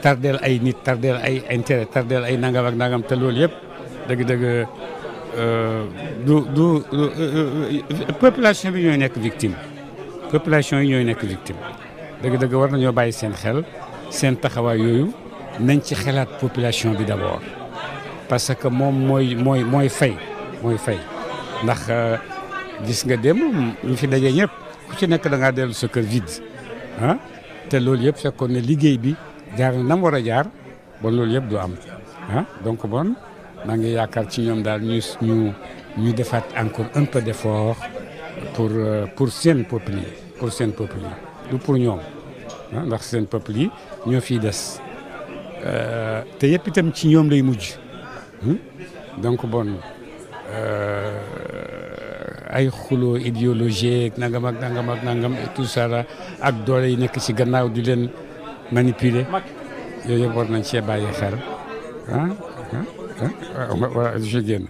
Tarder ay nit ay intérêt tardel ay nangam ak te euh, euh, euh, population bi nekk victime population yi nekk victime de dëgg war seen xel seen population d'abord parce que moom mooy mooy mooy fay fay ndax gis nga ñu fi vide te jaar na nam war a jaar bon loolu yëpp du am ah donc bon maa ngi yaakaar ci ñoom daal ñu ñu ñu defaat encore un peu d'effort pour euh, pour seen peuple pour seen peuple du pour ñoom ah, ndax seen peuple yi ñoo fiy des euh, te yëpp itam ci ñoom lay mujj hmm? donc bon euh, ay xuloo idéologie nangam ak nangam ak nangam et tout ça ak doole yi nekk ci gannaaw di leen. manipuler yooyu yëpp war nañ cee bàyyi xel ah ah du ah, ci ah, génn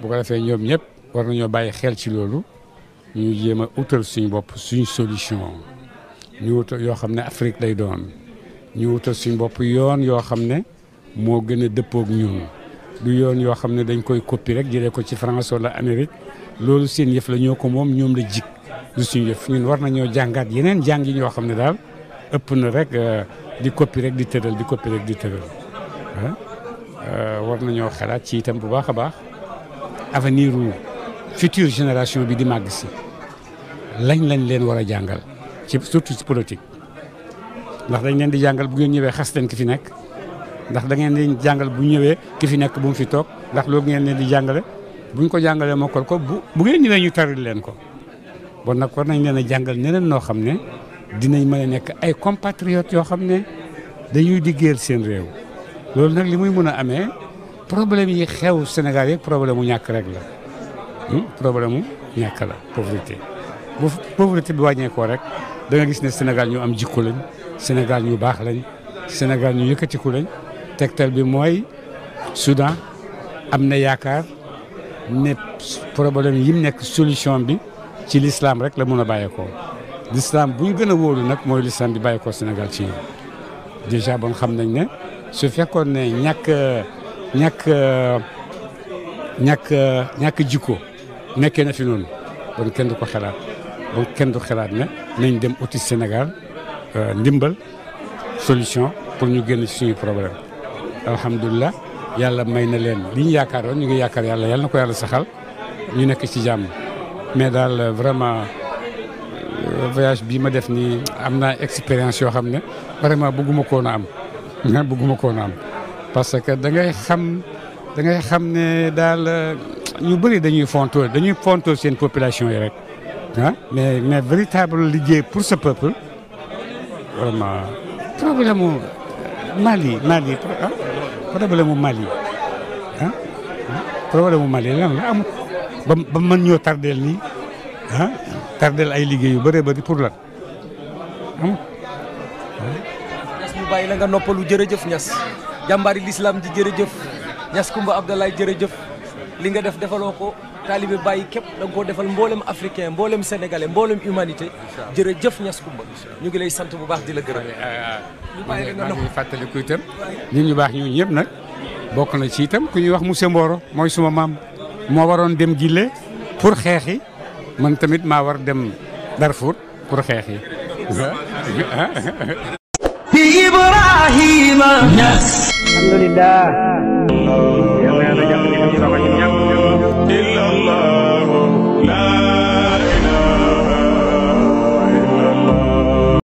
bu ko defee ñoom ñëpp war nañoo bàyyi xel ci loolu ñu jéem a utal suñ bopp suñu solution ñu wutal yoo xam ne Afrique lay doon ñu wutal suñ bopp yoon yoo xam ne moo gën a dëppook ñun du yoon yoo xam ne dañ koy koppi rek jëlee ko ci France la Amérique loolu seen yëf la ñoo ko moom ñoom la jik du suñu yëf ñun war nañoo jàngaat yeneen jàng yi ñoo xam ne daal ëpp na rek. Euh, di coppi rek di tëral di coppi rek di tëral ah? euh, war nañoo xalaat ci itam bu baax a baax avenir u future génération bi di màgg si lañ lañ leen war a jàngal ci surtout ci politique ndax dañ leen di jàngal bu ngeen ñëwee xas leen ki fi nekk ndax da ngeen di jàngal bu ñëwee ki fi nekk bu mu fi toog ndax loolu ngeen leen di jàngale buñ ko jàngalee mokkal ko bu bu ngeen ñëwee ñu taril leen ko bon nag war nañ leen a jàngal neneen noo xam ne dinañ mën a nekk ay compatriotes yoo xam ne dañuy diggéel seen réew loolu nag li muy mën a amee problème yi xew Sénégal yi problème mu ñàkk rek la hmm? problème mu ñàkk la pauvreté bu pauvreté bi wàññeekoo rek da gis ne Sénégal ñu am jikko lañ Sénégal ñu baax lañ Sénégal ñu yëkkatiku lañ tegtal bi mooy Soudan am na yaakaar ne problème yi mu nekk solution bi ci lislaam rek la mën a bàyyeekoo. l'islam bu ñu gën a wóolu nag mooy l'islam bi bàyyi ko Sénégal ci déjà bon xam nañ ne su fekkoon ne ñàkk ñàkk ñàkk ñàkk jikko nekkee na fi noonu bon kenn du ko xalaat bon kenn du xalaat ne nañ dem uti Sénégal euh, ndimbal solution pour ñu génn ci suñu problème alhamdulilah yàlla may na leen li ñu yaakaaroon ñu ngi yaakaar yàlla yàlla na ko yàlla saxal ñu nekk ci jàmm mais daal euh, vraiment voyage bi ma def ni expérience yoo vraiment am parce que da ngay xam da ngay ne daal ñu bëri dañuy fonto dañuy fonto seen population yi rek ah, mais mais véritable liggéey pour ce peuple vraiment problème Mali Mali problème Mali ah problème Mali ah, ah, la amul ba tardel ay liggéey yu bëree bëri pour lan am hmm? ñas mu bàyyi la nga noppalu jërëjëf jàmbaari lislaam ji jërëjëf ñas Kumba Abdalaay jërëjëf li nga def defaloo ko taalibe bàyyi képp da nga koo defal mboolem africain mboolem sénégalais mboolem humanité jëf ñas Kumba ñu ngi lay sant bu baax di la gërëm ah, ah. ñu bàyyi la nga noppalu fàttaliku itam nit ñu baax ñu ñëpp nag bokk na ci itam ku ñuy wax monsieur Mboro mooy suma maam moo waroon dem jille pour xeexi man tamit maa war dem Darfour pour xeex yi. bi Ibrahima. Niass. alhamdulilah.